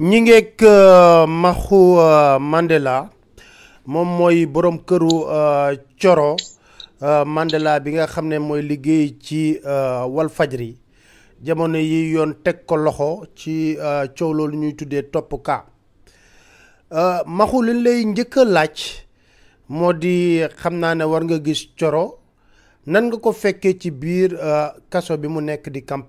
ñi ngeeg euh, Maxu euh, Mandela moom mooy borom këru euh, Coro Mandela bi nga xam ne mooy liggéey ci Walfajri jamono yi yoon teg ko loxo ci coow loolu ñuy tuddee topp kaa Maxu liñ lay njëkk a laaj moo di xam naa ne war nga gis Coro nan nga ko fekkee ci biir kaso bi mu nekk di camp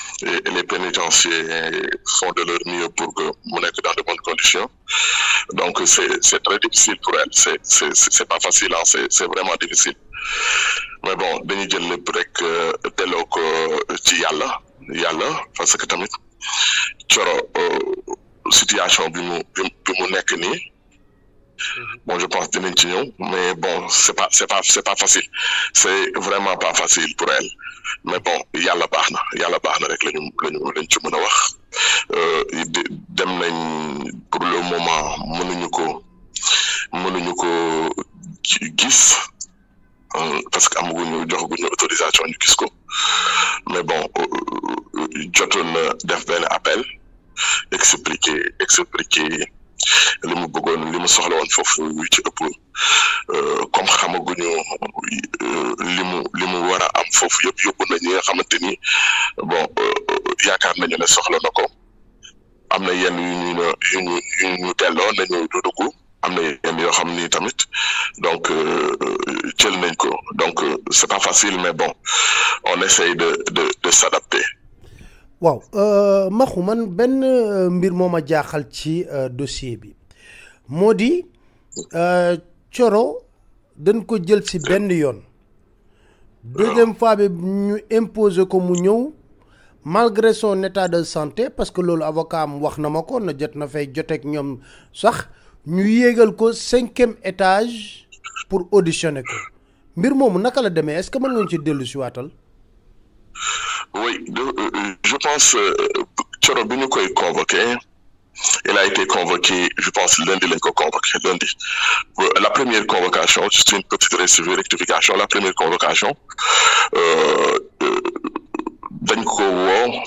et les pénitenciers font de leur mieux pour que mon être dans de bonnes conditions. Donc c'est très difficile pour elle. C'est pas facile, hein. c'est vraiment difficile. Mais bon, que tu y as là, y ci y là, parce que tamit tu euh, situation bi mu bi mu nekk Mm-hmm. bon, je pense de ci mais bon c'est pas c'est pas c'est pas facile c'est vraiment pas facile pour elle mais bon yàlla baax na yàlla baax na rek lañu lañu lañ ci mën a wax euh, dem nañ pour le moment mënuñu ko mënuñu ko gis euh, parce que amaguñu joxaguñu autorisation ñu gis mais bon euh, jotoon na def benn appel expliquer expliquer limu mu bëggoon li soxla woon foofu yu ci ëpp euh, comme xamaguñu limu euh, limu li war a am foofu yëpp yóbbu na ñi nga xamante ni bon euh, yaakaar nañu ne soxla na ko am na yenn yu ñu yu ñu yu ñu delloo nañu du dugg am na yenn yoo xam ni tamit donc jël nañ ko donc c'est pas facile mais bon on essaye de de de s'adapter waaw euh, maxu man benn euh, mbir moo ma jaaxal ci euh, dossier bi moo di Thioro dañ ko jël si benn yoon deuxième fois bi ñu imposer ko mu ñëw malgré son état de santé parce que loolu avocat am wax na ma ko na jot na fay joteek ñoom sax ñu yéegal ko cinquième étage pour auditionner ko mbir moomu naka la demee est-ce que mën nga ci dellu si waatal Oui, euh, euh, je pense euh, Tchorobinoko est convoqué. Il a été convoqué, je pense, lundi, convoqué, lundi. La première convocation, juste une petite rectification, la première convocation, euh, dañ ko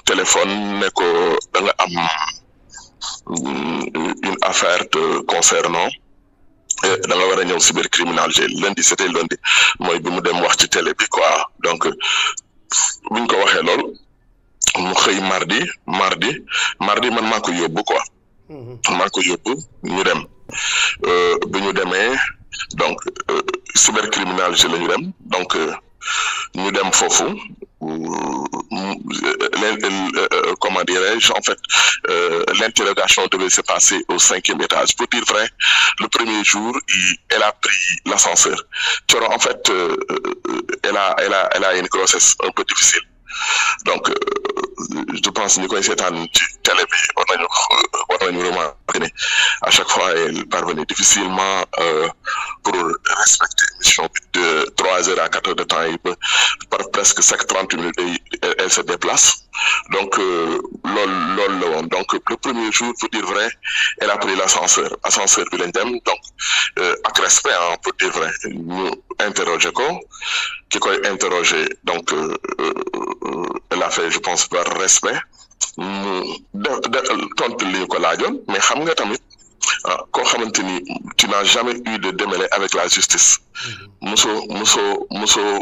téléphone une affaire concernant da nga réunion lundi c'était lundi Moi bi mu dem wax ci télé bi quoi donc loolu mu xëy mardi mardi mardi man maa ko yóbbu quoi. Mhm. maa ko yóbbu ñu dem euh, bi ñu demee donc euh, cybercriminalité la ñu dem donc euh, ñu dem foofu comment dirais-je en fait l'interrogation devait se passer au cinquième étage pour dire vrai le premier jour elle a pris l'ascenseur Thioro en fait elle a elle a elle a une grossesse un peu difficile donc euh, je pense que nous connaissons télé on a euh, à chaque fois elle parvenait difficilement euh, pour respecter une mission. de 3 heures à 4 heures de temps elle par presque chaque 30 minutes elle se déplace donc le premier jour pour dire vrai elle a pris l'ascenseur ascenseur de l'indemne. donc avec respect hein pour dire vrai interroger quoi, qui quoi interroger donc euh, euh, elle a fait je pense par respect mu de de tu li ñu la mais xam nga tamit. Ah, tu n'as jamais eu de démêlé avec la justice mm-hmm.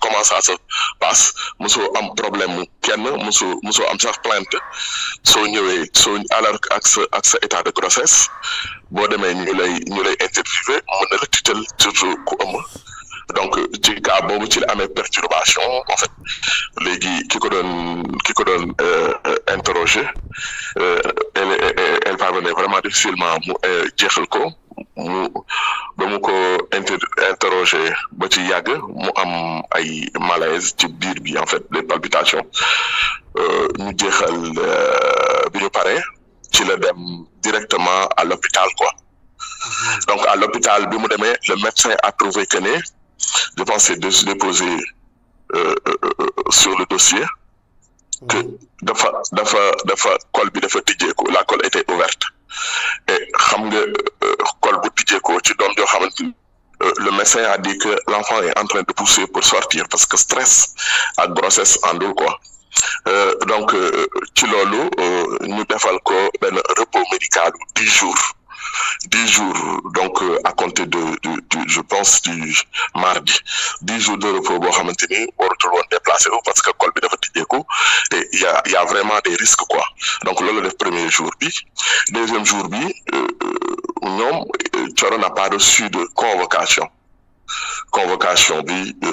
comment ça se passe nous problème plainte état de grossesse donc nous perturbation en fait c'est vraiment difficilement mu euh, jeexal ko mu ba interroger ba ci mu malaise ci biir en fait des palpitations euh, ñu jeexal euh, bi directement à l'hôpital quoi donc à l'hôpital le médecin a trouvé que ne je pense euh, déposer sur le dossier la colle était ouverte et xam nga euh, euh, le médecin a dit que l'enfant est en train de pousser pour sortir parce que stress ak grossesse en quoi euh, donc ci loolu ñu defal ko repos médical 10 jours 10 jours, donc euh, à compter de, je pense, du mardi, 10 jours de repos, bon, maintenir on va déplacer parce que Colby dafa tijjeeku et il y a, y a vraiment des risques, quoi. Donc, là, le premier jour, bi. deuxième jour, bi, euh, non, euh, euh, n'a pas reçu de convocation. Convocation, bi, euh,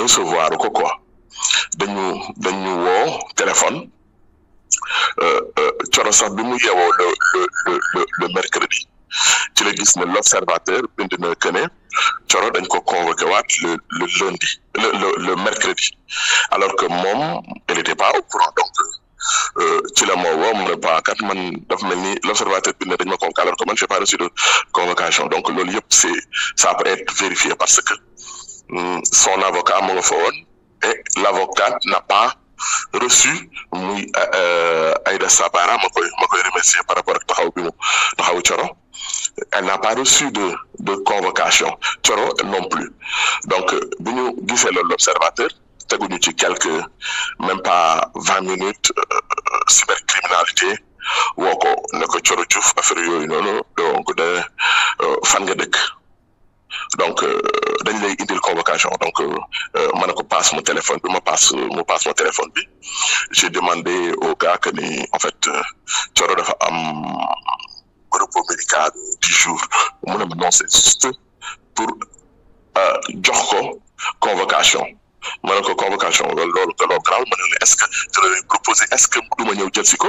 recevoir, quoi, quoi. Dañu, dañu woo téléphone euh, euh rassemblement yi yeewoo le le le le mercredi ci la gis ne l' observateur bind na que ne Coro dañ ko convoqué waat le le lundi le le le mercredi alors que moom il était pas au courant donc euh, ci la moo woo mu ne ba kat man dafa mel ni l' observateur bind dañ ma convoqué alors que man j'ai pas reçu de convocation donc loolu yëpp c' est ça peut être vérifié parce que hmm, son avocat mu nga fa woon et l' avocate n'a pas reçu muy euh, Aïda Sabara je remercie par rapport à elle n'a pas reçu de convocation non plus donc nous l'observateur quelques même pas 20 minutes euh, cybercriminalité ou encore donc de euh, donc dañ lay indil convocation donc ma ko passe mon téléphone bi ma passe ma passe mon téléphone bi j'ai demandé au gars que ni en fait Thioro dafa am repos médical dix jours mon ne non c'est juste pour jox ko convocation ma ko convocation loolu loolu loolu garaaw est-ce que tu leen proposer est-ce que duma ma ñëw jël ko.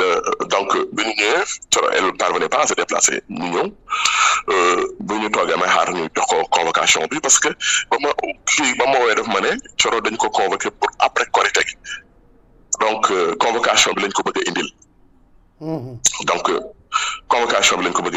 Euh, donc bi ñu ñëwee Thioro elle parvenait pas à se déplacer ñu ñëw euh, bu ñu toogee may xaar ñu jox ko convocation bi parce que ba ma ba ma woowee def ma ne Thioro dañ ko convoqué pour après Korité gi donc euh, convocation bi lañ ko bëgg a indil mm-hmm. donc convocation bi lañ ko bëgg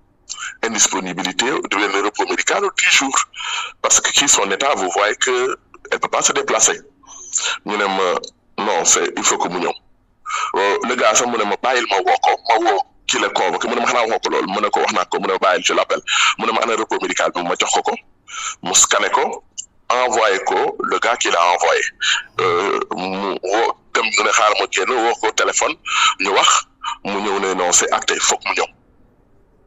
indisponibilité, de l'aéroport médical 10 jours. Parce que qui son état, vous voyez qu'elle ne peut pas se déplacer. non, c'est, il faut que nous euh, Le gars, ça, nous pas, il m'a ne ma ne ne ne médical bi ma jox ko ko scanné ko envoyé le gars qui l'a envoyé euh, mu téléphone ñu wax mu ne non c'est acté mu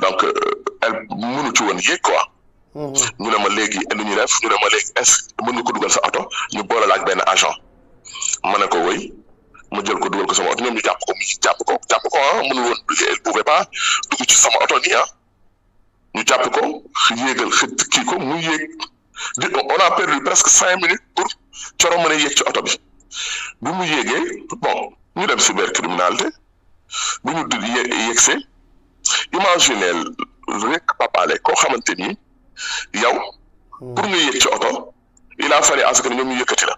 donc euh, elle mënu ci woon yéeg quoi. Mhm. ñu ne ma léegi lu ñu def ñu ne ma léegi est mën nga ko dugal sa oto ñu boole la ak benn agent ma ne ko woy ma jël ko dugal ko sama oto ñoom ñu jàpp ko jàpp ko jàpp ko ah mënu woon elle pouvait pas sama oto nii ah. jàpp ko yéegal xëcc kii ko mu yéeg di on a perdu presque cinq minutes pour coro mën a yéeg ci oto bi bi mu yéegee bon ñu dem cybercriminalité bu ñu yéegsee imagineel rek Pape Alé koo xamante ni yow. Hmm. pour nga yëg ci auto il a fallu askan ñoom ñu yëkkati la.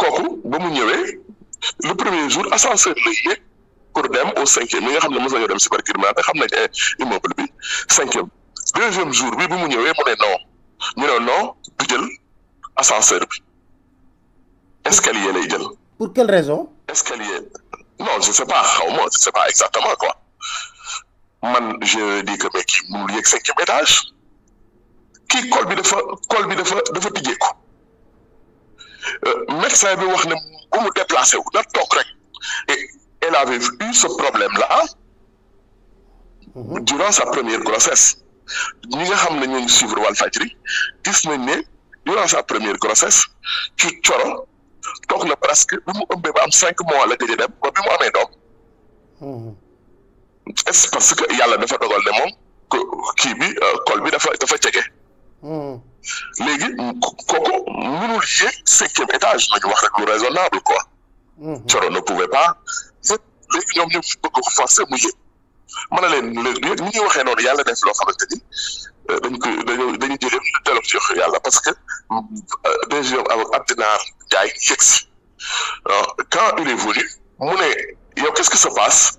kooku bu mu ñëwé le premier jour ascenseur lay yéeg pour dem au 5e mi nga xam ne ñu dem supercriminel te xam nañ ne immeuble bi 5e deuxième jour bi bu mu ñëwé mu né non ñu ne non du jël ascenseur bi escalier lay jël. pour quelle raison. escalier non je sais pas xaw ma je sais pas exactement quoi man je dis que mec mënul yegg cinquième étage kii col bi dafa col bi dafa dafa euh, bi wax et elle avait eu ce problème là hein, durant sa première grossesse Nous nga suivre durant sa première grossesse tu na presque cinq mois la est-ce parce que yalla dafa dogal ne moom ki bi euh, col bi dafa dafa hmm légui mënul cinquième étage wax rek raisonnable quoi. Hmm. ne pouvait pas bëgg forcer mu ni def Il euh, dañ ko dañu dañu avec euh, quand il est venu qu'est-ce qui se passe.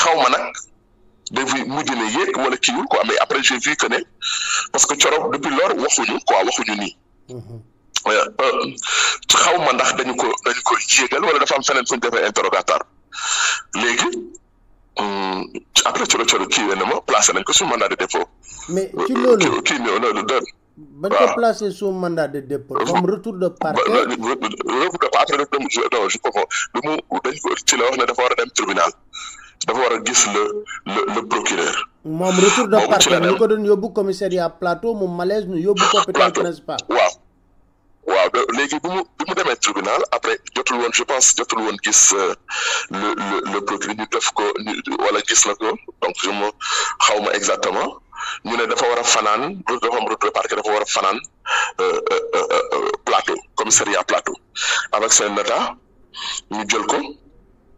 xaw ma nag dafa mujj ne yéeg wala kiiwul quoi mais après j'ai vu que ne parce que Corop depuis lors waxuñu quoi waxuñu nii. xaw ma ndax dañu ko dañu ko yéegal wala dafa am feneen fu ñu defee interrogatoire léegi après Coro Coro kiiwee na ma placé nañ ko sous mandat de dépôt. mais ci loolu kii néew loolu dër. bañ ko placé sous mandat de dépôt. comme retour de parquet. retour de parquet mu dañ ko ci la wax ne dafa war a dem tribunal. dafa war a gis le le le procureur. moom retour de parquet ñu ko doon yóbbu commissariat plateau mu malaise ñu yóbbu ko hôpital principal. waaw waaw léegi bu mu bu mu demee tribunal après jotul woon je pense jotul woon gis euh, le le le procureur ñu def ko wala gis na ko donc je me xaw ma exactement ñu ne dafa war a fanaan dafa am retour de parquet dafa war a fanaan euh, euh, plateau commissariat plateau avec seen état ñu jël ko.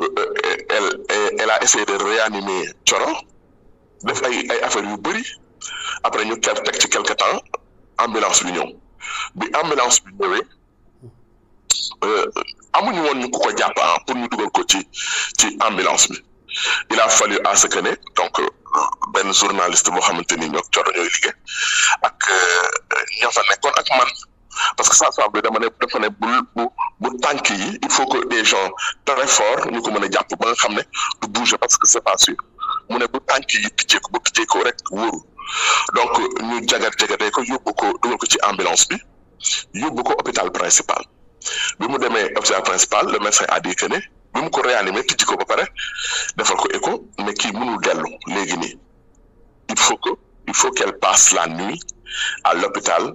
Euh, elle elle a essayé de réanimer Coro def ay ay affaires yu bëri après ñu teg ci quelque temps ambulance bi ñëw bi ambulance bi ñëwee euh, amuñu woon ñu ku ko jàpp ah pour ñu dugal ko ci ci ambulance bi il a fallu à ce que ne donc ben journaliste boo xamante ni ñoog Coro ñooy liggéey ak euh, ña fa nekkoon ak man parce que ça semble dama ne dafa bu bu il faut que des gens très forts nous ko mën a ba nga ne bouger parce que c'est pas sûr mon ne bu tànk yi tijjee ko ba tijjee ko rek wóoru donc ñu jagar jagatee ko yóbbu ko dugal ko ci ambulance bi yóbbu ko hôpital principal bi mu démé hôpital principal le médecin a dit que ne bi mu ko réanimé tijji ko ba paré defal ko écho mais ki mënul dellu légui nii il faut que il faut qu'elle passe la nuit à l'hôpital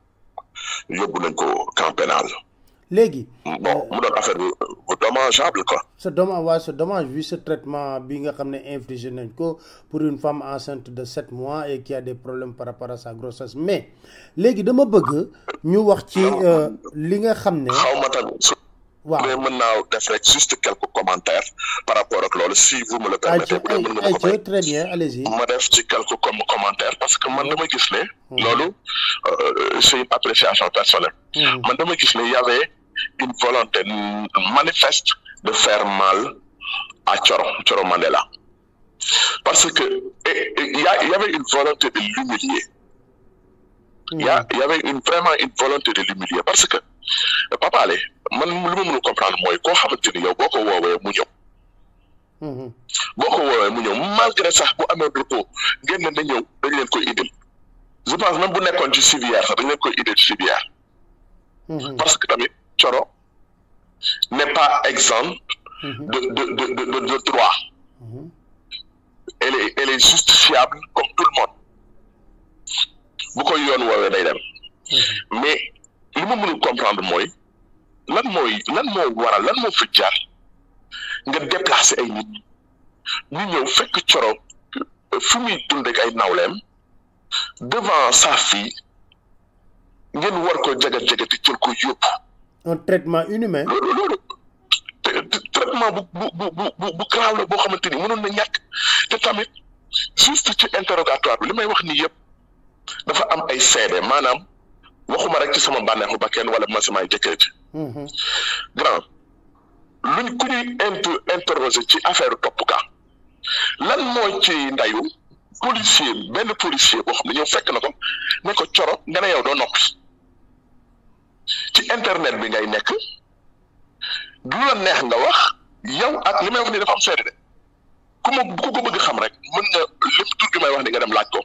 yóbbu nañ ko camp pénal. légui bon mu doon affaire bu dommageable quoi. ce dommage waaye c'est dommage vu ce traitement bi nga xamné ne infligé nañ ko pour une femme enceinte de 7 mois et qui a des problèmes par rapport à sa grossesse mais légui dama bëgg ñu wax ci euh, li nga xamné ne. xaw je mais mën juste quelques commentaires par rapport à Lolo si vous me le permettez. je vais quelques commentaires parce que man mm-hmm. dama gis ne. Mm-hmm. loolu euh, c'est une appréciation personnelle. Mm-hmm. man dama il y avait une volonté manifeste de faire mal à Thioro Mandela parce que y y avait une volonté de l'humilier. il y avait une vraiment une volonté de l'humilier parce que. Papa man li ma mënul comprendre mooy koo xamante ni yow boo ko woowee mu ñëw. Mhm. boo ko woowee mu ñëw malgré sax bu amee repos ngeen ne na ñëw dañ leen koy indil je pense même bu nekkoon ci civière sax dañ leen koy indil ci mhm. parce que tamit Coro n'est pas exempt. Mhm. de de de de de de droit. elle comme tout le monde. bu koy yoon woowee day dem mais. li ma mënul comprendre mooy lan mooy lan moo waral lan moo fi jaar nga déplacer ay nit ñu ñëw fekk Coro fi muy dund ak ay nawleem devant sa fille ngeen war ko jagat jagati jël ko yóbbu. un traitement inhumain. loolu traitement bu bu bu bu bu boo xamante ni mënoon na ñàkk te tamit juste ci interrogatoire bi li may wax nii yëpp dafa am ay seede maanaam. waxuma rek ci sama bànneexu ba kenn wala ma samay jëkkër ji mhm. grand luñ ku ñuy inter ci affaire topp ka lan mooy ci ndayu policier benn policier boo xam ne ñëw fekk na ko ne ko coro nga ne yow doo noppi ci internet bi ngay nekk du la neex nga wax yow ak li may wax nii dafa am ku ma ku ko bëgg xam rek mën nga lépp tur gi may wax ni nga dem laaj ko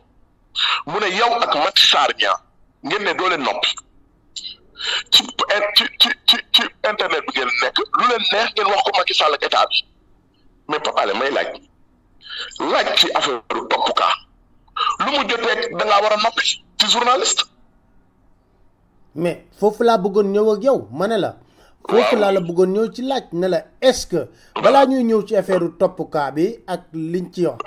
mu ne yow ak Maty Sarr Niang ngeen ne doo leen noppi ci internet bu ngeen nekk lu leen neex ngeen wax ko Macky Sall ak état bi mais Pape may laaj laaj ci affaire topp kaa lu mu jotee da ngaa war a noppi ci journaliste. mais foofu laa bëggoon ñëw ak yow ma ne la. foofu laa la bëggoon ñëw ci laaj ne la est-ce que balaa ñuy ñëw ci affaire topp kaa bi ak liñ ci wax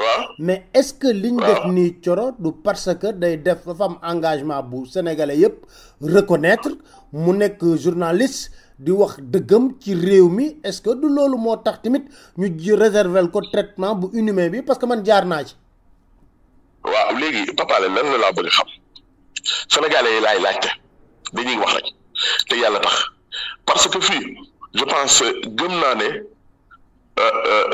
mais est-ce que liñ def nii Thioro du parce que day def dafa am engagement bu sénégalais yëpp reconnaître mu nekk journaliste di wax dëggam ci réew mi est-ce que du loolu moo tax tamit ñu réserver ko traitement bu inhumain bi parce que man jaar naa ci. waaw léegi Papa Alé lan la laa bëgg xam sénégalais yi laay laajte dañuy wax rek te yàlla tax. parce que fii je pense gëm naa ne euh, euh,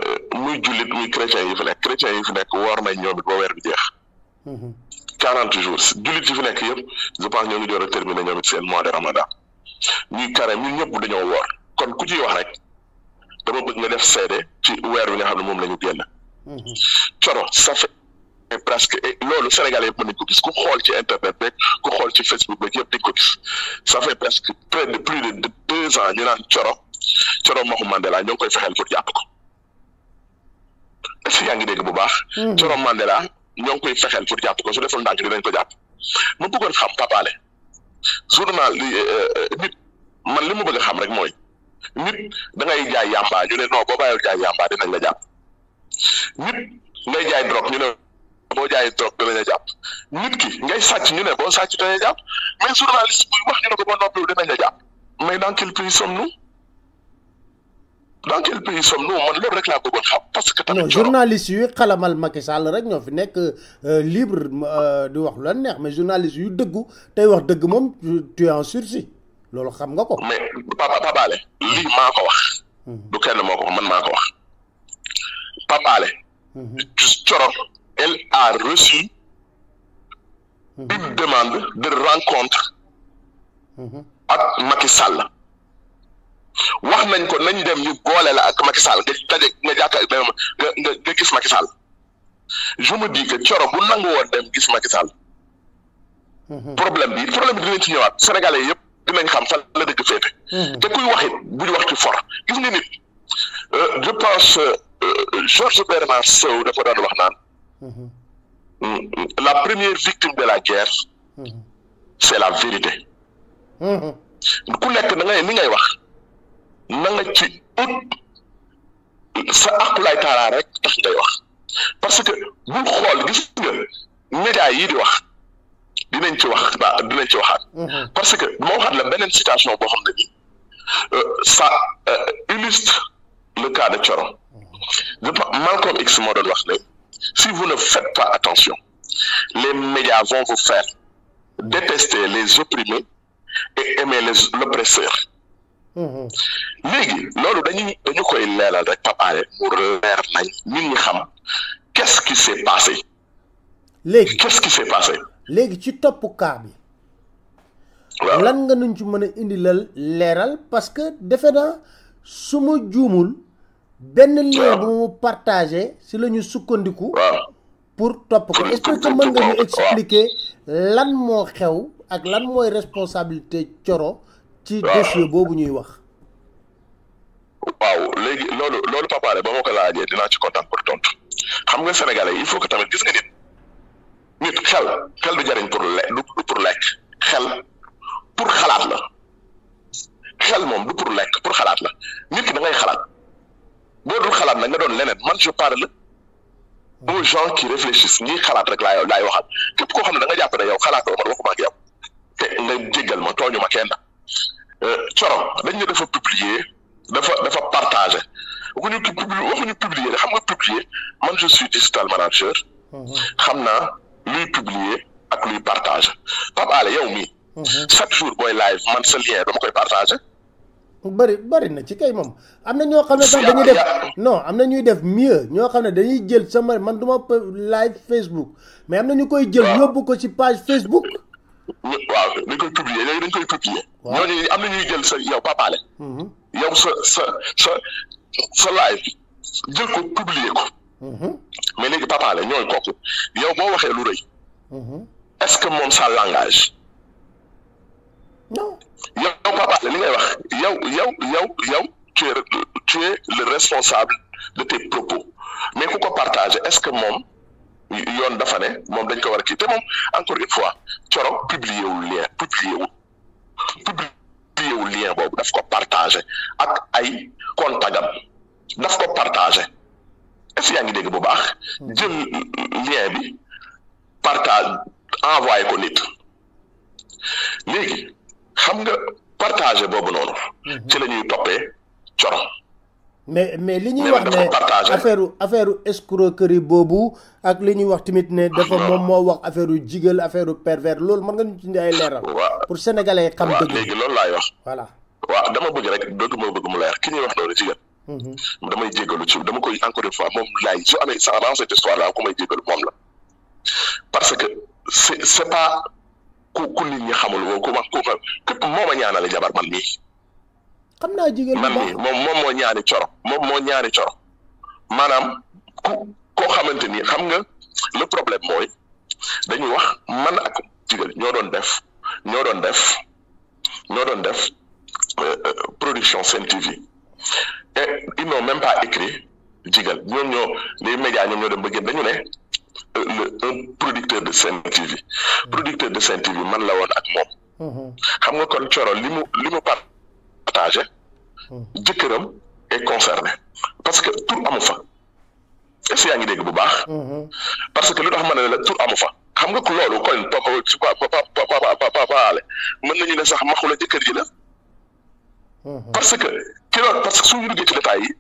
muy jullit muy chrétien yi fi nekk chrétien yi fi nekk woor nañ ñoom it ba weer bi jeex. Mhm. quarante jours jullit yi fi nekk yëpp je pense ñoo ngi door a terminer ñoom it seen mois de ramadan ñuy carême ñun ñëpp dañoo woor kon ku ci wax rek dama bëgg nga def seede ci weer bi nga xam ne moom lañu ñu génn. Mhm. coro ça presque loolu Sénégalais yëpp mën nañ ko gis ku xool ci internet beeg ku xool ci Facebook beeg yëpp dañ ko gis ça fait presque près de plus de deux ans ñu naan Coro Coro Mahou Mandela ñoo ngi koy fexeel pour jàpp ko est-ce que yaa ngi dégg bu baax. Coro mm-hmm. Mandela ñoo ngi koy fexeel pour jàpp ko su deful ndànk dinañ ko jàpp ma bëggoon xam papaale journal li euh, euh, nit man li mu bëgg a xam rek mooy nit da ngay jaay yàmbaa ñu ne non boo bàyyil jaay yàmbaa dinañ la jàpp nit jaay drogue ñu ne. boo jaayee drogue danañ la jàpp nit ki ngay sàcc ñu ne boo sàcc danañ la jàpp mais journaliste buy wax ñu ne ko ba noppi mais dans quel pays sommes-nous dans rek laa bëggoon xam parce que. tamit journaliste yu xalamal Macky Sall rek ñoo fi nekk euh, libre euh, di wax lu la neex mais journaliste yu dëggu tey wax dëgg moom tu es en sursis loolu xam nga ko. mais Papa Papa Ale lii ko wax. Hmm. du kenn moo man maa ko wax Papa Ale. Hmm. elle a reçu mhm. une demande de rencontre mhm. avec Macky Sall wax nañ ko nañ dem ñu boole la ak Macky Sall nga daje nga jàkkaar nga nga nga gis Macky Sall je me dis que Thioro bu nangu woon dem gis Macky Sall mhm. problème bi problème bi dinañ ci ñëwaat sénégalais yëpp dinañ xam fan la dëgg féete te kuy waxit bu ñu wax ci for gis nga nit euh, je pense euh, euh, Georges Bernard Sow dafa daan wax naan Mm-hmm. la première victime de la guerre mm-hmm. c' est la vérité mm-hmm. ku nekk na nga li ngay wax na nga ci ut sa aqulaay taalaa rek tax ngay wax parce que bul xool gis nga média yi di wax dinañ ci wax ba dinañ ci waxaat parce que moo waxaat la beneen citation boo xam ne bi euh, ça euh, illustre le cas de Thioro Malcolm X moo wax ne Si vous ne faites pas attention, les médias vont vous faire détester les opprimés et aimer l'oppresseur. oppresseurs. Mm-hmm. qu'est-ce qui s'est passé. qu'est-ce qui s'est passé. parce que benn lien mu partagé si la ñu sukkandiku. pour topp ko est mën nga ñu expliquer lan moo xew ak lan mooy responsabilité Thioro ci dossier boobu ñuy wax. waaw léegi loolu loolu papaare ba ma ko laajee dinaa ci kontaan pour tontu xam nga sénégalais il faut que tamit gis nga nit xel xel du jariñ pour le du lekk xel pour xalaat la xel moom du pour lekk pour xalaat la nit ki da xalaat. boo dul xalaat nag na doon leneen man je parle aux gens qui réfléchissent ni xalaat rek laay laay waxal képp koo xam ne da nga jàpp ne xalaat xalaatoo man waxuma ak yow te nga jéggal ma tooñu ma kenn euh, corom dañ ne dafa publier dafa dafa partager waxuñu publier waxuñu publier de xam nga publier man je suis digital manager. xam naa luy publier ak luy partager Pape Alé yow mii. Mhm. chaque jour booy live man sa lien dama koy partager. bëri bari na ci kay moom am na ñoo xam ne sax dañuy def non am na ñuy def mieux ñoo xam ne dañuy jël sama man du ma live Facebook mais am na ñu koy jël yóbbu ko ci page Facebook. waaw dañ koy publier léegi dañ koy publier. waaw ñooñu am na ñuy jël sa yow papaale. Mm-hmm. yow sa sa sa sa live jël ko publier ko. Mm-hmm. mais léegi papaale ñooñu kooku yow boo waxee lu rëy. Mm-hmm. est-ce que moom sa langage. non. yow Papa Alé li ngay wax yow yow yow yow tu le responsable de tes propos mais ku ko partager est-ce que moom yoon dafa ne moom dañ ko war a te moom encore une fois Thioro publié wul lien publié wul publié lien boobu daf ko partagé ak ay contagam daf ko partagé est-ce que ngi dégg bu baax jël lien bi partage envoyé ko nit léegi xam nga partager boobu noonu. Mhm. ci la ñuy toppee coro. mais mais li ñuy wax ne affaire affaire escroquerie boobu ak li ñuy wax tamit ne. Ah, dafa moom moo wax affaire jigal affaire u pervers loolu mën nga ñu ci indi ay leeral. pour sénégalais xam dëgg. léegi loolu laay wax. voilà waaw dama bëgg rek dëgg moo bëgg mu leer ki ñuy wax loolu jigal. Mhm. damay jéggalu ci dama koy encore une fois moom laay su amee sa dans cette histoire là ku may jéggalu moom la parce que c'est pas. ku ku nit ñi xamul woon ku wax ku xam képp moo ma ñaanale jabar man mii. naa jigéen man mii moom moom moo ñaari coro moom moo ñaari coro maanaam ku koo xamante ni xam nga le problème mooy dañu wax man ak jigéen ñoo doon def ñoo doon def ñoo doon def euh, euh, production Sen TV et ils n'ont même pas écrit jigéen ñoom ñoo les médias ñoom ñoo dem ba génn dañu ne. le producteur de Sen TV producteur de Sen TV man la woon ak moom mm-hmm. xam nga kon Coro limu mu li mu partagé mm. jëkkëram est concerné parce que tour amu fa est-ce yaa ngi dégg bu baax mm-hmm. parce que lu dax ma ne la tur amu fa xam nga ko loolu kon papa su papa papa ale mën nañu ne sax maxu la jëkkër ji la mm-hmm. parce que ki loolu parce que suñu duggee ci détails yi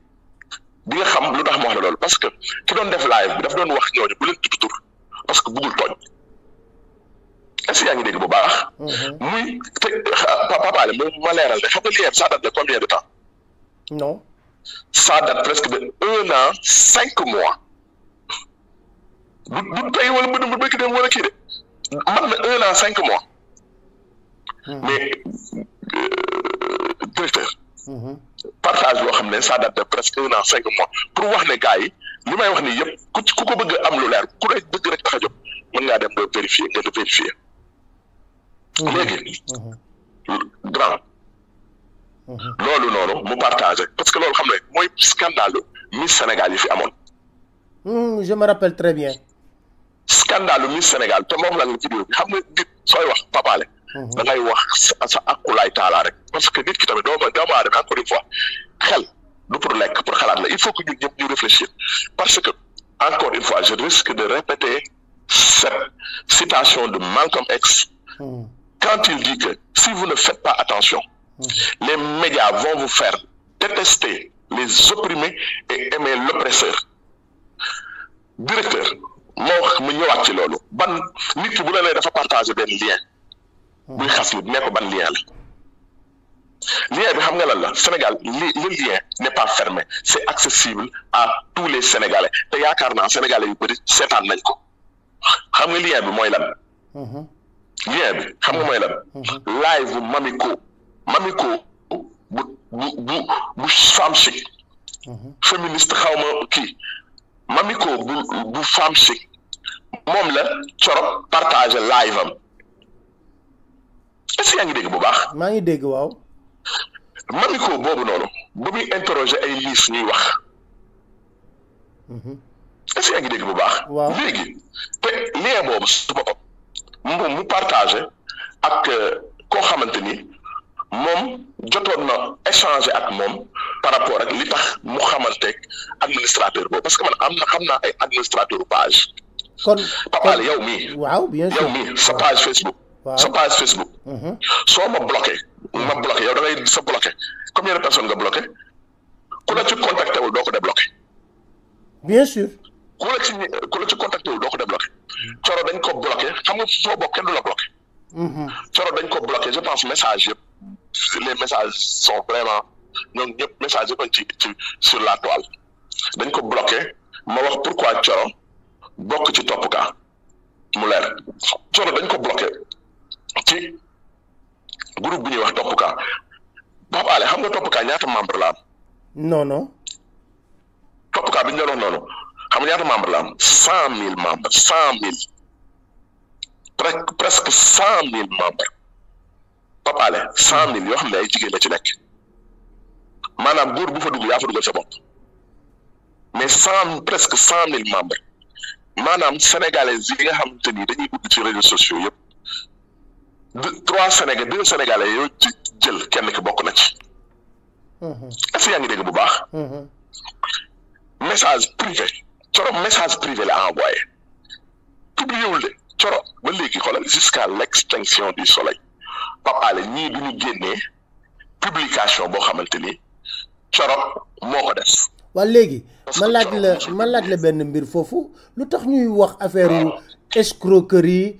di nga xam lu tax mu wax loolu parce que ki doon def live bi daf doon wax ñooñu bu leen tudd tur parce que bëggul tooñ est-ce yaa ngi dégg bu baax. Mm-hmm. muy te Papa ma leeral de xam nga lii ça date de de temps. non. ça date presque de un an cinq mois. du du wala bu dem ba kii dem wala kii de na cinq mois. Mm-hmm. mais euh, directeur. Mm-hmm. partage boo xam ne ça date de presque un an cinq mois pour wax ne gars yi li may wax ni yëpp ku ku ko bëgg am lu leer ku rek bëgg rek tax a jóg mën dem ba vérifier nga di vérifier. Mhm. léegi. Mhm. grand. loolu noonu mu partagé parce que loolu xam ne mooy scandale Miss Sénégal yi fi amoon. Hmm, je me rappelle très bien. scandale Miss Sénégal te ma wax la nga vidéo bi xam nga nit sooy wax papaale. da ngay wax sa akulaay taalaa rek parce que nit ki tamit doomu doomu aadama encore une fois xel du pour lekk pour xalaat la il faut que ñun ñëpp ñu réfléchir parce que encore une fois je risque de répéter cette citation de Malcolm X mm-hmm. quand il dit que si vous ne faites pas attention mm-hmm. les médias vont vous faire détester les opprimés et aimer l'oppresseur directeur moo wax mu ñëwaat ci loolu ban nit ki bu la dafa partager benn lien ne Sénégal lien n'est pas fermé c'est accessible à tous les Sénégalais te yaakaar Sénégalais yu bëri seetaan nañ ko xam nga lien lan. live Mamiko bu bu bu bu mhm. féministe xaw ma Mamiko bu bu femme chic la live est-ce que yaa ngi dégg bu baax. maa ngi dégg waaw. Mamiko boobu noonu bu muy interroger ay liis ñuy wax. Mhm. est-ce que yaa ngi dégg bu baax. waaw léegi te lien boobu su ko moom mu partagé ak euh, koo xamante ni moom jotoon na échanger ak moom par rapport ak li tax mu xamanteeg administrateur boobu parce que man am na xam naa ay administrateur page. kon Papal yow mii. waaw bien yow mii sa page Facebook. sa page Facebook. Mm-hmm. soo ma bloqué ma bloqué yow da ngay sa bloqué combien de nga bloqué ku la ci contacté wul doo ko débloqué. bien sûr. ku ci ku la ci contacté wul doo mm-hmm. Coro dañ ko bloqué xam nga soo bokk kenn la bloqué. Mm-hmm. Coro dañ ko bloqué je pense message yëpp les messages sont vraiment ñoom ñëpp message yëpp ci ci sur la toile dañ ko bloqué ma wax pourquoi Coro bokk ci topp ka mu leer Coro dañ ko bloqué. ci groupe bu ñuy wax topp kaa Pape xam nga topp kaa ñaata membre la am. non non. topp kaa bi ñu doon xam nga ñaata membre la am cent mille membres cent mille presque presque cent mille membres Pape Alé cent mille yoo xam ne ay jigéen la ci nekk maanaam góor bu fa dugg yaa fa duggal sa bopp mais cent presque cent mille membres maanaam sénégalais yi nga xamante ni dañuy dugg ci réseaux sociaux yëpp. trois Sénégal deux Sénégalais yoo jël kenn ki bokk na ci. Mm-hmm. est yaa ngi dégg bu baax. Mm-hmm. message privé Coro message privé la envoyé publié de Coro ba léegi xoolal jusqu'à l'extinction du soleil Papa la ñii du ñu génnee publication boo xamante ni Coro moo ko def. waa léegi ma laaj la ma laaj la benn mbir foofu lu tax ñuy wax affaire escroquerie.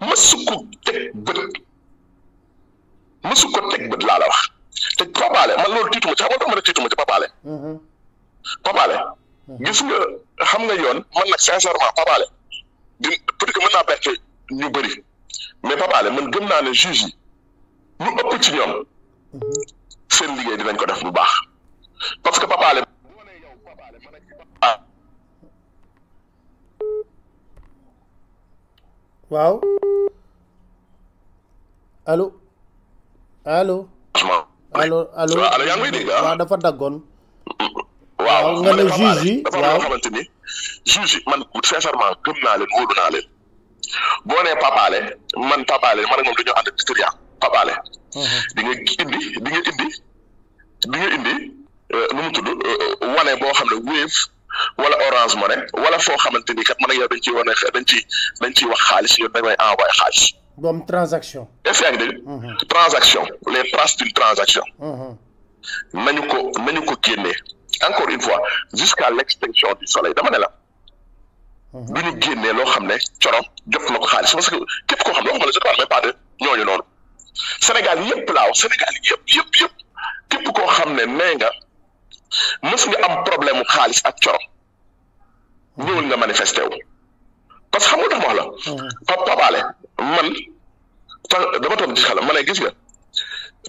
ma ko teg bët mësu ko teg bët laa la wax te papaale man loolu tiituma ci xam nga tax ma ne tiituma ci papaale mm-hmm. papaale mm-hmm. gis nga xam nga yoon man nag sincèrement papaale di peut-être que mën naa berte ñu bëri mais papaale man gëm naa ne juge yi ëpp ci ñoom mm-hmm. seen liggéey dinañ ko def bu baax parce que papaale waaw allo allo. allo allo ah? waaw dafa daggoon. waaw nga ne juge yi dafa loo xamante ni juge yi man sincèrement gëm leen wóolu naa leen boo papaale man papaale man ak moom dañoo ànd historia papaale uh-huh. di nga indi di nga indi di nga indi euh, nu mu euh, wane boo xam ne wéef wala orange money wala transaction. Mm-hmm. transaction les traces transaction. Mm-hmm. encore une fois jusqu'à du soleil la. mës nga am problème mu xaalis ak coro ñëwul nga manifesté wu que xam nga tax ma wax la. Mm. Pa man dama toog di ma gis nga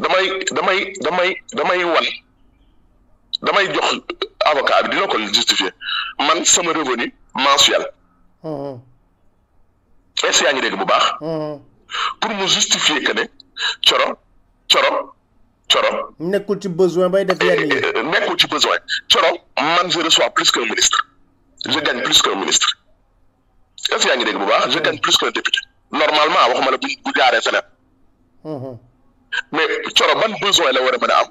damay damay damay damay wan damay jox avocat bi dina justifier man sama revenu mensuel. Mm. est yaa ngi dégg bu baax. Mm. pour mu justifier que ne coro coro. Thioro. nekkul ci besoin bay def yenn yi. Eh, eh, nekkul ci besoin Thioro man je reçois plus qu'un ministre je gagne plus qu'un ministre est-ce ngi dégg bu baax je gagne plus qu'un député normalement waxuma la bu bu jaaree feneen. Mhm. mais Thioro ban besoin la war a mën a am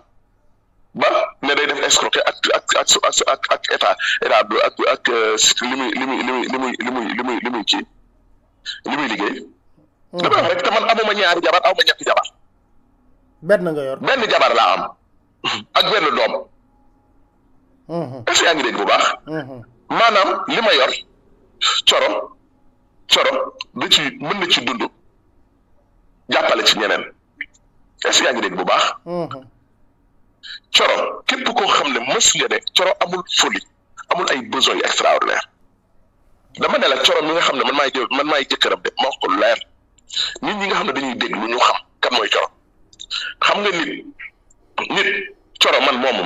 ba ne day def escroquer ak ak ak ak état état bi ak ak euh, li muy li muy li muy li muy li muy li muy kii li muy liggéey. Mhm. dama wax rek te man amuma ñaari jabar amuma ñetti jabar. benn nga yor benn jabar laa am ak benn doom. Mhm. est-ce que yaa ngi dégg mhm. maanaam li ma yor coro coro da ci mën na ci dund jàppale ci ñeneen est-ce yaa ngi dégg bu baax. Mhm. coro képp koo xam ne mës nga ne coro amul folie amul ay besoins yu extraordinaire dama nela la mi nga xam ne man maay man maay jëkkëram de ma wax leer nit ñi nga xam ne dañuy déglu lu ñu xam kan mooy coro. xam nga nit nit coro man moomu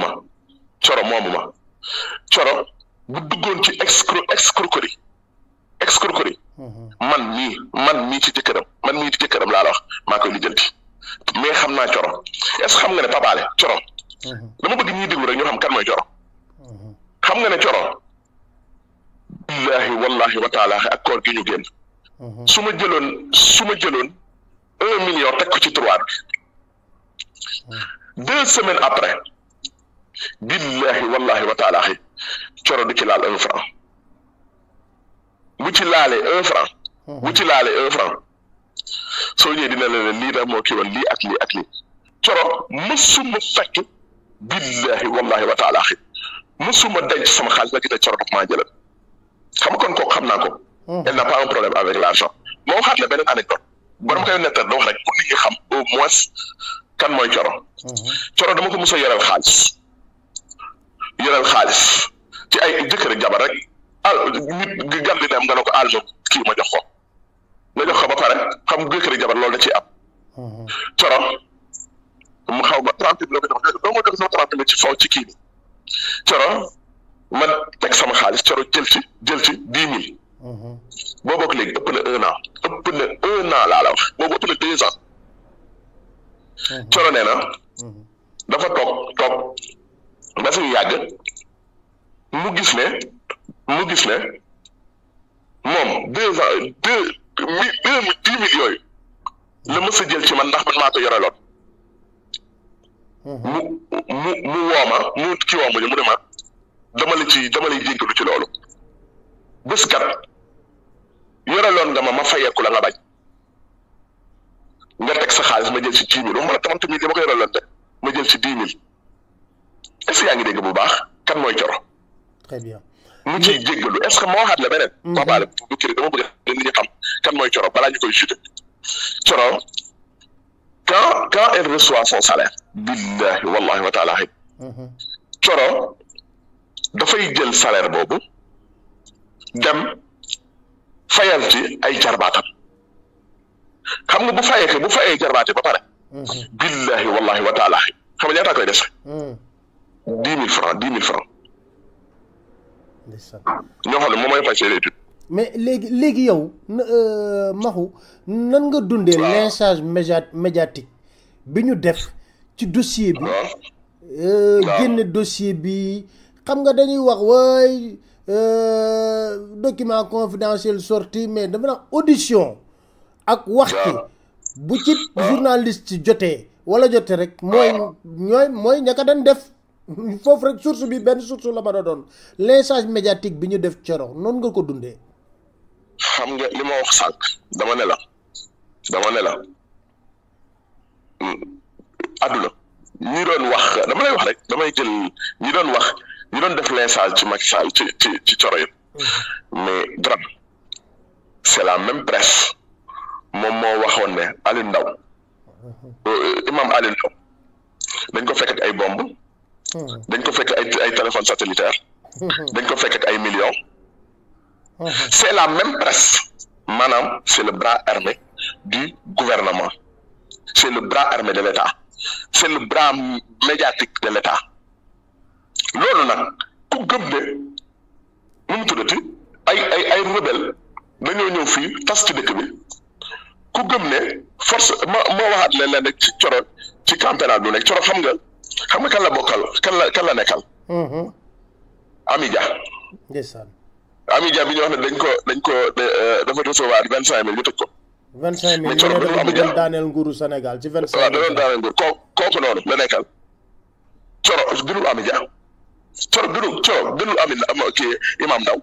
coro moomu ma coro bu duggoon ci escro ex escroquerie man mii man mii ci jëkkëram man mii ci jëkkëram laa la wax maa koy lijjanti mais xam naa coro est-ce que xam nga ne papaale coro mhm. dama bëgg ñuy déglu rek ñu xam kan mooy coro mhm. xam nga ne coro billahi wallahi wa taala ak koor gi ñu génn mhm. su ma jëloon su ma jëloon un million teg ko ci trois deux semaines après billahi wallahi wa ta'ala taalaahi choro du ci laal 1 franc bu ci laalee 1 franc bu ci laalee 1 franc so ñe dina la li da mo ki won li ak li ak lii coro mësuma fekk billahi wallahi wa ta'ala taalaahi mësuma denc sama xal nag ita choro daf ma jël xam kon ko xam naa ko elle n'a pas un problème avec l'argent mo xat la benen anecdote borom kay nettal do wax rek pour nit ñi xam au moins كان موي جارو جارو دا مكو موسى يرال خالص يرال خالص تي اي ذكر جابر رك نيت غاندي دام غانوك الجو كي ما جوخو ما جوخو با بارك خم ذكر جابر لول دا تي اب جارو مو خاوا 30 بلوك دا دا مو دك 30 تي فو تي كي جارو man tek sama xaliss ci jël ci jël ci 10000 hmm bo bok legi ëpp na 1 an ëpp na 1 an la la wax bo bo tu 2 ans Mhm. Coro na mhm. dafa toog toog ba suñu yàgg mu gis ne mu gis ne moom deux ans deux mille deux mille dix mille la mhm. mës jël ci man ndax man maa ko yoreloon mu mu mu wooma mu ci wooma mu demaat dama la ci dama lay jéggalu ci loolu bés kat yoreloon nga ma ma fayeeku la nga bañ nga teg sa xaalis ma jël si dix mille waxuma la trente mille dama koy yoraloon de ma jël si dix mille est-ce que yaa ngi dégg bu baax kan mooy coro. très bien mu ciy jéggalu est-ce que moo waxaat la beneen. Papa Alé bu kii dama bëgg a nit ñi xam kan mooy coro balaa ñu koy chuter coro quand quand elle reçoit son salaire. billahi wallahi wa taala coro dafay jël salaire boobu dem fayal ci ay jarbaatam. xam nga bu fayee bu fayee jarbaate ba pare. Mm-hmm. billahi wallahi wa taala xam nga ñaata koy dese. Mm-hmm. dix mille franc dix mille franc. ñoo xam ne moom mooy fay seen étude. mais léegi léegi yow euh, Maxu nan nga dundee. waaw lynchage médiatique bi ñu def ci dossier bi. Euh, génn dossier bi xam nga dañuy wax waay euh, document confidentiel sorti mais dama na audition. ak waxtu bu ci journaliste jotee wala jotee rek mooy ñooy mooy ñaka dañ def foofu rek source bi benn source la ma doon lynchage médiatique bi ñu def coro noonu nga ko dundee xam nga li ma wax sànq dama ne la dama ne la mm, àdduna ñi doon wax dama lay wax rek damay jël ñi doon wax ñi doon def lynchage ci Macky Sall ci ci ci coro yëpp mm-hmm. mais Dramé c'est la même presse moom moo waxoon ne Aliou Ndao imam Aliou Ndao dañ ko fekk ak ay bomb dañ ko fekk ay ay téléphone satellitaire dañ ko fekk ay millions c'est la même presse maanaam c'est le bras armé du gouvernement c'est le bras armé de l'État c'est le bras médiatique de l'État loolu nag ku gëm ne nu mu tuddati ay ay ay rebelle dañoo ñëw fii tas ci dëkk bi ku gëm ne force ma ma waxaat leen leen ci coro ci campénal du nekk coro xam nga xam nga kala la bokkal kan la nekkal. Mm-hmm. Ami Dia. ndeysaan. Ami Dia bi ñu ne dañ ko dañ ko euh, dafa recevoir vingt cinq mille ñu tëj ko. vingt cinq mille ñu ne dafa daaneel nguuru Sénégal ci vingt cinq mille. waaw da doon noonu la nekkal coro gënul Ami coro gënul coro gënul Ami Ndaw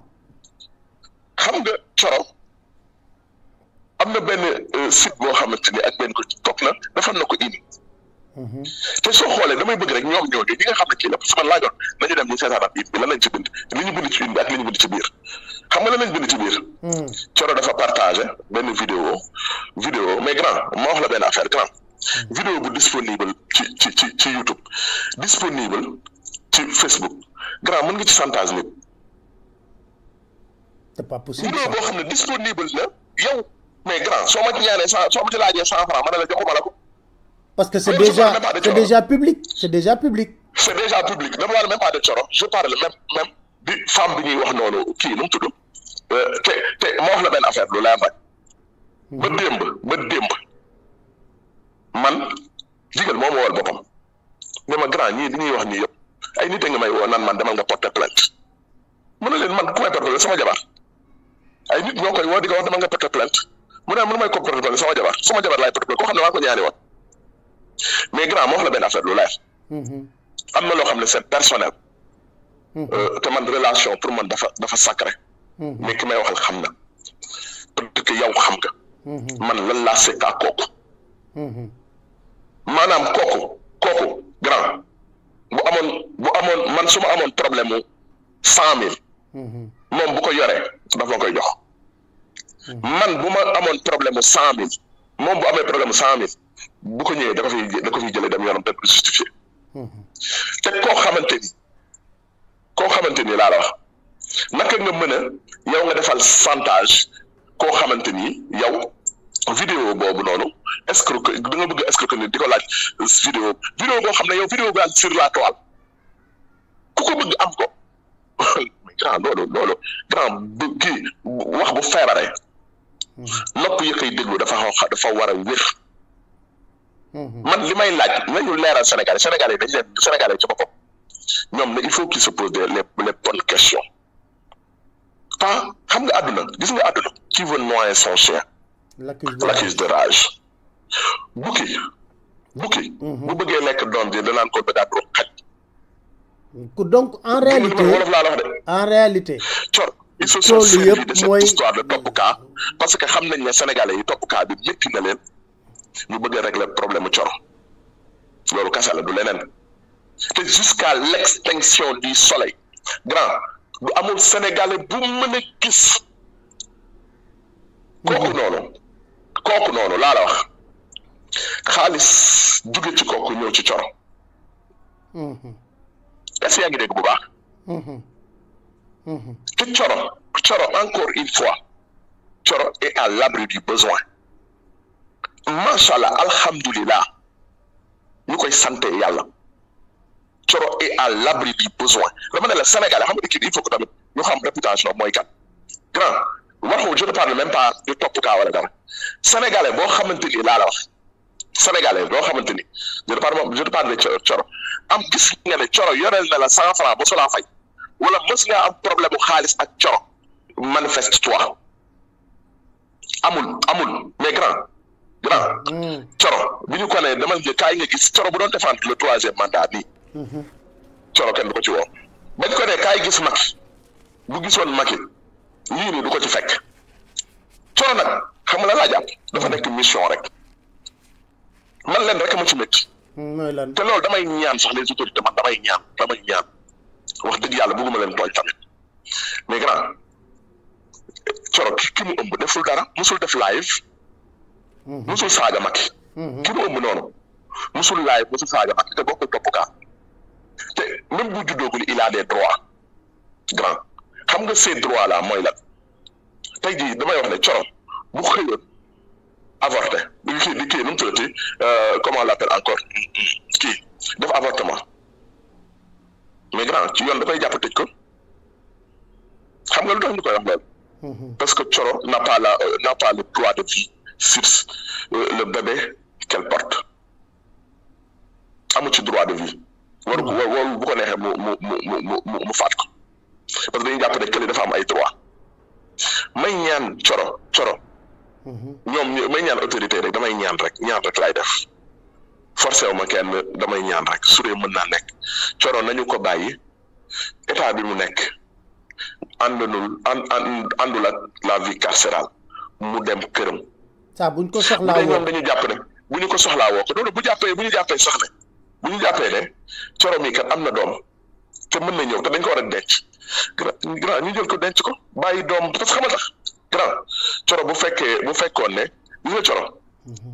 xam nga coro am na benn euh, sit boo xamante ni ak benn ko topp na defal na ko indi. Mhm. te soo xoolee damay bëgg rek ñoom ñooñu ñi nga xam ne kii la parce que man laajoon nañu dem ci bind li ñu bind ci indi ak li ñu ci biir xam nga lan lañ bind ci biir. coro mhm. dafa partagé benn vidéo video mais grand ma wax la benn affaire grand. Mhm. vidéo bu disponible ci ci ci ci YouTube disponible ci Facebook grand mën nga ci chantage nit. te pas possible mënoo boo xam ne disponible la yow mais grand soo ma ci ñaanee cent soo ma ci laajee cent franc ma ne la joxuma la ko. parce que c'est déjà c'est déjà public c'est déjà public. c'est déjà public ne parle même pas de coro je parle même même femme bi ñuy wax noonu kii nu mu tudd euh, te te ma wax la benn affaire lu laa bañ. ba mhm. démb ba démb man jigéen moo ma wol boppam ne ma grand ñii li ñuy wax ñii yëpp ay nit a ngi may woo nan man demal nga porter plainte mu na leen man ku may porter sama jabar. ay nit moo koy woo di ko wax dama nga porté plainte mu ne man may ko porté plainte sama jabar sama jabar laay porté xam ne maa ko ñaani woon mais grand moo wax la benn affaire lu leer. Mm-hmm. am na loo xam ne seet personnel. Mm-hmm. Euh, te man relation pour man dafa dafa sacré. Mm-hmm. mais ki may waxal xam na peut-être que yow xam nga. man lan laa sekk ak kooku. maanaam kooku grand bu amoon bu amoon man su ma amoon problème mu cent mille. moom bu ko yore dafa ma koy jox. man bu ma amoon problème mu cent mille moom bu amee problème mu ko ñëwee da ko fiy da ko fiy jëlee dem yoonam te justifié te koo xamante ni koo xamante ni laa la wax naka nga mën a yow nga defal chantage koo xamante ni yow vidéo boobu noonu escroquer da nga bëgg a escroquer ni di ko laaj vidéo vidéo boo xam ne yow vidéo bi sur la toile ku ko bëgg am ko grand loolu loolu grand bu kii wax bu feebaree Mm-hmm. nopp yi koy déglu dafa xaw dafa wér. Mm-hmm. man li may laaj nañu leeral Sénégal Sénégal yi dañ leen Sénégal yi ci boppam ñoom ne il faut qu'ils se posent les xam nga àdduna gis nga àdduna qui veut noyer son chien l'accuse de rage bukki bukki mm-hmm. bu bëggee lekk doom ji danaan ko dagaat donc en réalité en réalité cor ils se sont histoire de topp kaa parce que xam nañ ne sénégalais yi topp kaa bi métti na leen ñu bëgg a régler problème mu coro loolu kasa la du leneen te jusqu'à l'extinction du soleil grand du amul sénégalais bu mën a kooku mm-hmm. noonu kooku noonu laa la wax xaalis jóge ci kooku ñëw ci coro mm-hmm. est yaa ngi dégg bu baax mm-hmm. te Thioro Thioro encore une fois Thioro est à l'abri du besoin macha allah alhamdulilah ñu koy sant yàlla Thioro est à l'abri du besoin dama ne la Sénégal xam nga kii il faut que tamit ñu xam réputation mooy kat grand waxu je ne parle même pas de topp kaa dara sénégalais boo xamante ni laa la wax sénégalais boo xamante ni je ne parle je de Thioro am gis nga ne Thioro yoreel na la cent franc ba su la fay. wala mës ngaa am problème mu xaalis ak coro manifeste toi amul amul mais grand grand hmm. coro bi ñu ko nee dama nga nga gis coro bu doon défendre le troisième mandat nii hmm. coro kenn du ko ci woo bañ ko nee kaay gis Macky bu gisoon Macky lii nii du ko ci fekk coro nag xam nga la jàpp dafa nekk mission rek ma leen rek ma ci métti hmm, te loolu damay ñaan sax les autorités man damay ñaan damay ñaan wax dëgg yàlla bëgguma leen tooñ tamit mais grand coro ki mu ëmb deful dara musul def live mhm. musul saaga Macky mhm. ki mu ëmb noonu musul live musul saaga Macky te koy topp kaa te même bu juddoogul il a des droits grand xam nga ces droits là mooy lan tey jii damay wax ne coro bu xëyoon avorté di kii di kii nu mu euh, comment on encore ki def avortement mais grand ci yoon da koy jàpp tëj ko xam nga lu tax ñu koy mhm. parce que Coro n'a pas la euh, n'a le droit de vie sur euh, le bébé qu'elle porte amu ci droit de vie. waru ko waru bu ko neexee mu mu mu mu mu faat ko parce que dañuy jàpp ne kële dafa am ay droit may ñaan Coro Coro. Mhm. ñoom may ñaan autorité rek damay ñaan rek ñaan rek laay def. forcé wu ma kenn damay ñaan rek su dee mën naa nekk coro nañu ko bàyyi état bi mu nekk àndanul an àndul ak la vie carcérale mu dem këram. saa bu ñu ko soxlaa woo ñoom dañu jàpp ne bu ñu ko soxlaa woo ko noonu bu jàppee bu ñu jàppee sax ne bu ñu jàppee ne coro mi kat am na doom te mën na ñëw te dañ ko war a denc grand ñu jël ko denc ko bàyyi doom parce que xam nga tax grand coro bu fekkee bu fekkoon ne gis nga coro. Mhm.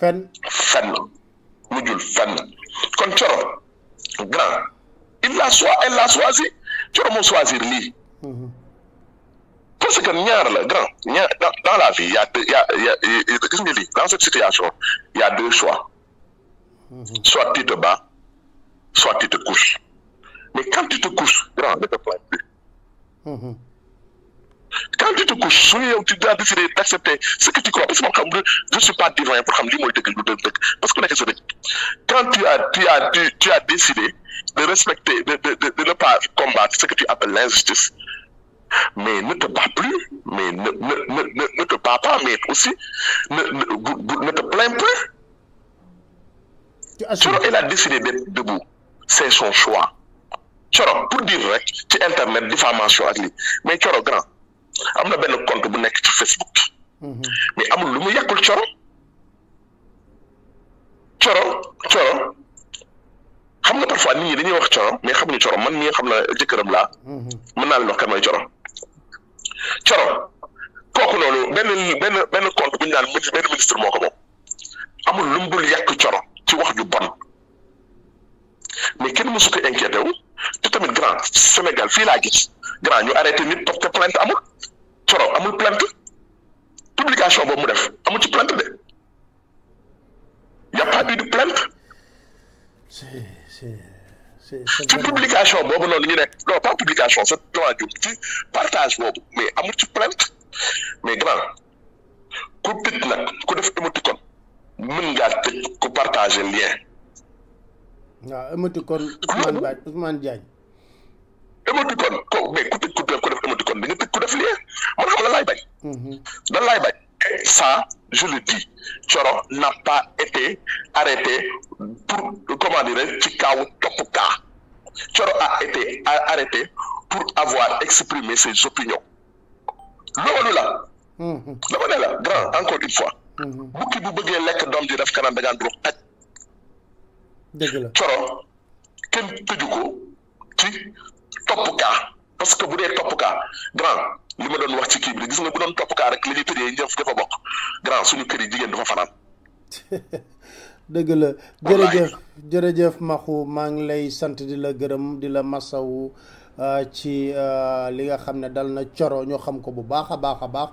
Fan, fenn mujjul fenn kon Coro grand il l'a soit elle l'a choisi Coro moo choisir lii mhm. parce que ñaar la grand ñaar dans la vie il y a il y a y a gis nga lii dans cette situation y a deux choix mhm. soit tu te bats soit tu te couches mais quand tu te couches grand ne te plains plus mhm quand tu te couches tu dois décider d'accepter ce que tu crois parce que suis pas ne je suis pas divin parce que quand tu as décidé de respecter de ne pas combattre ce que tu appelles l'injustice mais ne te bats plus mais ne te bats pas mais aussi ne te plains plus. vois il a décidé d'être debout c'est son choix Thioro pour dire tu intermènes internet diffamation avec lui. mais le grand. am na benn compte bu nekk ci Facebook. amul lu mu yàqul coro coro coro xam nga parfois nit ñi dañuy wax coro mais xamuñu coro man mii xam na jëkkëram laa. mën naa leen kooku noonu benn benn benn compte bu ñu naan benn ministre moo amul lu mu dul yàq coro ci wax ju bon mais kenn mësu ko inquiété wu te tamit grand Sénégal fii laa gis grand ñu arrêté nit porte plainte amul. foro amul plainte publication boobu mu def amul ci plainte de y a pas eu de plainte ci publication boobu noonu ñu nekk non pas publication c'est droit jum partage boobu mais amul ci plainte mais grand ku bit nag ku def émoticône mën ngaa tëj ku partager lien waaw émoticône Ousmane Ousmane Diagne émoticône ko mais ku tëj ku def ko def émoticône di nga tëj ku def lien man xam lan laay bañ. Mhm. lan laay bañ ça je le dis Thioro n'a pas été arrêté pour comment dire ci kaw top ka Thioro a été arrêté pour avoir exprimé ses opinions loolu la. Mhm. dama ne la grand encore une fois. Mhm. bukki bu bëggee lekk doom ji def kanam da ngaa dugg xaj. dëgg la Thioro kenn tëju ko ci topp kaa parce que boudé dee grand lima doon wax ci ki bi gis nga bu doon topp rek li ñuy tudé ñeuf dafa bok grand suñu kër yi jigen dafa fanaan deug la jërëjëf jërëjëf maxu ma ngi lay sant di la gërëm di la massaw euh, ci euh, li nga xamné dal na cioro ñu xam ko bu baaxa baaxa baax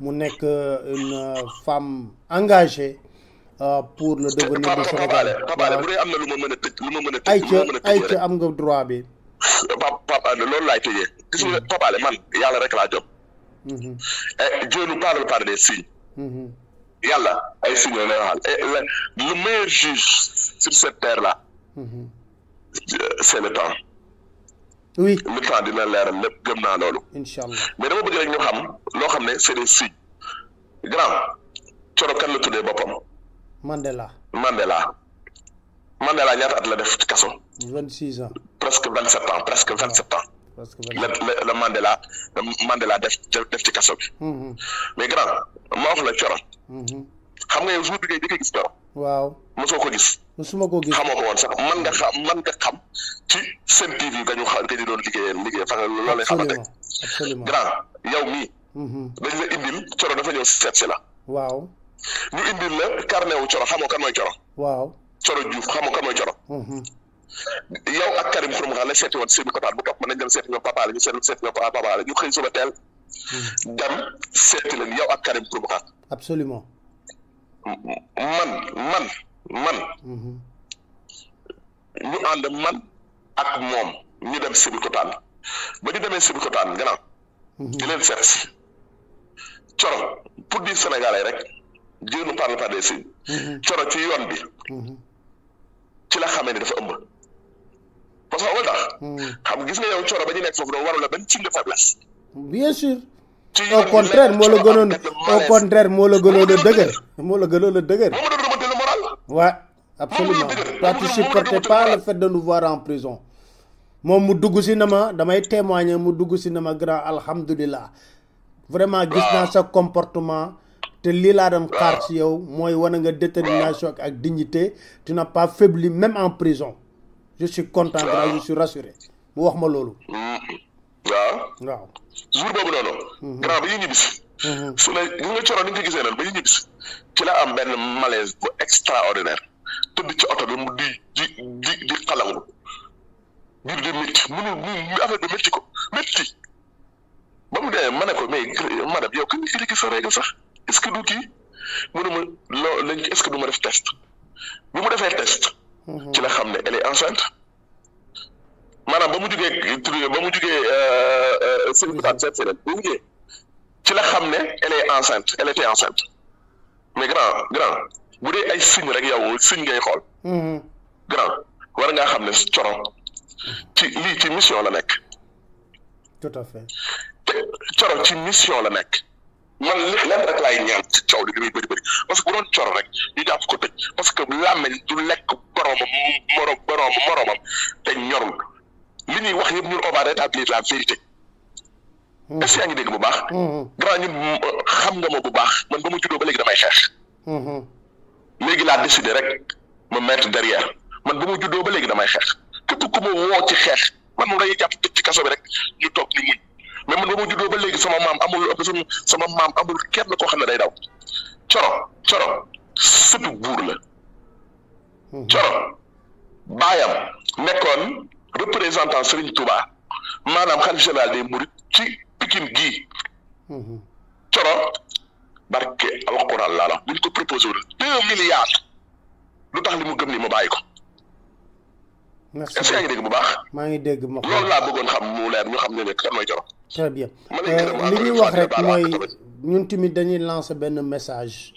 mu nekk euh, une femme engagée pour le devenir du Sénégal. ay ci am nga droit bi Pap loolu laay tëjee. gis nga mm-hmm. Pape Alé man yàlla rek laa jot. Mm-hmm. Eh, Dieu parle par des signes. Mm-hmm. yàlla ay signes la lay waxal et eh, eh, le meilleur juge sur cette terre là. Euh, c'est le temps. oui le temps dina leeral lépp gëm naa loolu. incha allah mais dama bëgg rek ñu xam loo xam ne c'est des signes. grand coro kan la tuddee boppam. Mandela. Mandela. Mandela ñaata at la def ci kaso. vingt six ans presque vingt sept ans presque vingt sept ans. parce que la la Mandela Mandela def def ci kaso mm-hmm. mais grand ma wax la coro. Mm-hmm. xam nga yow su ma duggee jëkkee gis coro. waaw mosoo ko gis. mosuma ko gis xamoo ko woon sax man nga xam man nga xam ci seen TV dañu xa dañu doon liggéeyee liggéey fa loolu lay xamante ne. yow mii. Mm-hmm. dañ la indil coro dafa ñëw la. waaw ñu indil la carnet wu coro xamoo kan mooy coro. waaw. Coro Diouf xamu ka mooy Coro. Mhm. yow ak Karim Xrum Xax la seeti woon Sèbi bu topp mën nañ dem seeti ñoom Papa la ñu seet seeti ñoom Papa la ñu xëy suba teel. Mhm. dem seeti leen yow ak Karim Xrum Xax. absolument. man man man. Mhm. ñu ànd man ak moom ñu dem Sèbi ba ñu demee Sèbi Kotaat gannaaw. di leen seet Coro pour dire Sénégalais rek Dieu ne parle Coro ci yoon bi. ci la xamé dafa ëmb parce que wala tax. Hmm. xam nga gis nga yow cooro bañu nek nekk do doon la benn ci de faiblesse. bien sûr. au contraire mo la gënon au contraire mo la gënon de dëgër. mo la gënoon le dëgër. moo remonter le moral. Ouais, absolument toi tu supportais pas le fait de nous voir en prison. moom mu dugg ci nama damay témoigner mu dugg ci nama grand alhamdulilah. vraiment gis na sa comportement te lii laa doon xaar ci yow mooy wane nga détermination ak dignité tu n'as pas faibli même en prison je suis content je suis rassuré mu wax ma loolu. Mm, waaw. waaw jour boobu noonu. Mhm. grand bi ñu ñibbisi. Mhm. su la ñu nga coro ni nga ko gisee noonu ba ñu ñibbisi ci la am benn malaise bu extraordinaire tëdd ci oto bi mu di di di di xalangu ngir di métti mënul mu affaire bi métti ko métti ba mu dee ma ne ko mais madame yow kan nga indi sa règle sax est ce que du kii mu ne ma loo lañ est ce que du ma def test bi mu defee test. Mhm. ci la xam ne elle est enceinte maanaam ba mu jugee tur euh, ba mu jugee euh, sëriñ bi daal seet si leen mu ci la xam ne elle est enceinte elle était enceinte mais grand grand bu dee ay signe rek yow signe ngay xool. Mhm. grand war ngaa xam ne coro ci lii ci mission la nekk. tout à fait. coro ci mission la nekk. man lépp lenn rek laay ñaan ci coow li li muy bëri bëri parce que bu doon coro rek ñu jàpp ko tëj parce que bu làmmeñ du lekk boromam morom borom moromam te ñorul li ñuy wax yëpp ñun on va rétablir la vérité. Hmm. est-ce que yaa ngi dégg bu baax. Hmm. grand ñun euh, xam nga ma bu baax man ba ma juddoo ba léegi damay xeex. Hmm, léegi laa décidé rek ma mettre derrière man ba mu juddoo ba léegi damay xeex képp ku ma woo ci xeex man moom dañuy jàpp tëj ci kaso rek ñu toog ñu mais man ba ma juddoo ba léegi sama maam amul sunu sama maam amul kenn koo xam ne day daw coro coro sëtu buur la mhm. coro baayam nekkoon représentant Serigne Touba maanaam xalif général des Mourides ci Pikine gii mhm. coro barke alxuraan laa la buñ ko proposé woon deux milliards lu tax li mu gëm ni ma bàyyi ko est-ce ngi dégg bu baax maa ngi dégg loolu laa bëggoon xam mu leer ñu xam ne ne kan mooy coro très bien euh, li ñuy wax rek mooy ñun tamit dañuy lancer benn message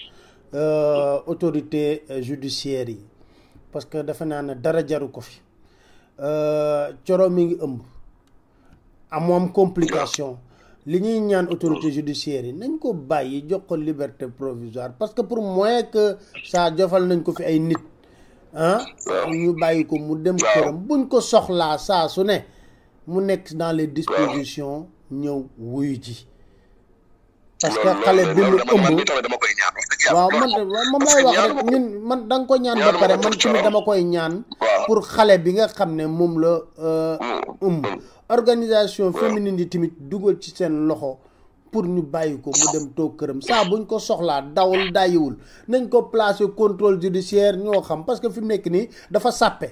euh, autorité euh, judiciaire yi parce que dafa naa ne dara jaru ko fi Coro mi ngi ëmb amoom complication li ñuy ñaan autorité judiciaire yi nañ ko bàyyi jox ko liberté provisoire parce que pour moyen que ça jofal nañ ko fi ay nit ah ñu bàyyi ko mu dem këram buñ ko soxlaa saa su ne mu nekk dans les dispositions ñëw wuyu ji. parce xale bi mu ëmb waaw moom lay wax rek ñun man da ko ñaan ba pare man tamit dama koy ñaan pour xale bi nga xam ne moom la mm. euh, ëmb mm. organisation féminine yi tamit dugal ci seen loxo pour ñu bàyyi ko mu dem toog këram saa buñ ko soxlaa dawul dàyyiwul nañ ko placer contrôle judiciaire ñoo xam parce que fi mu nekk nii dafa sàppe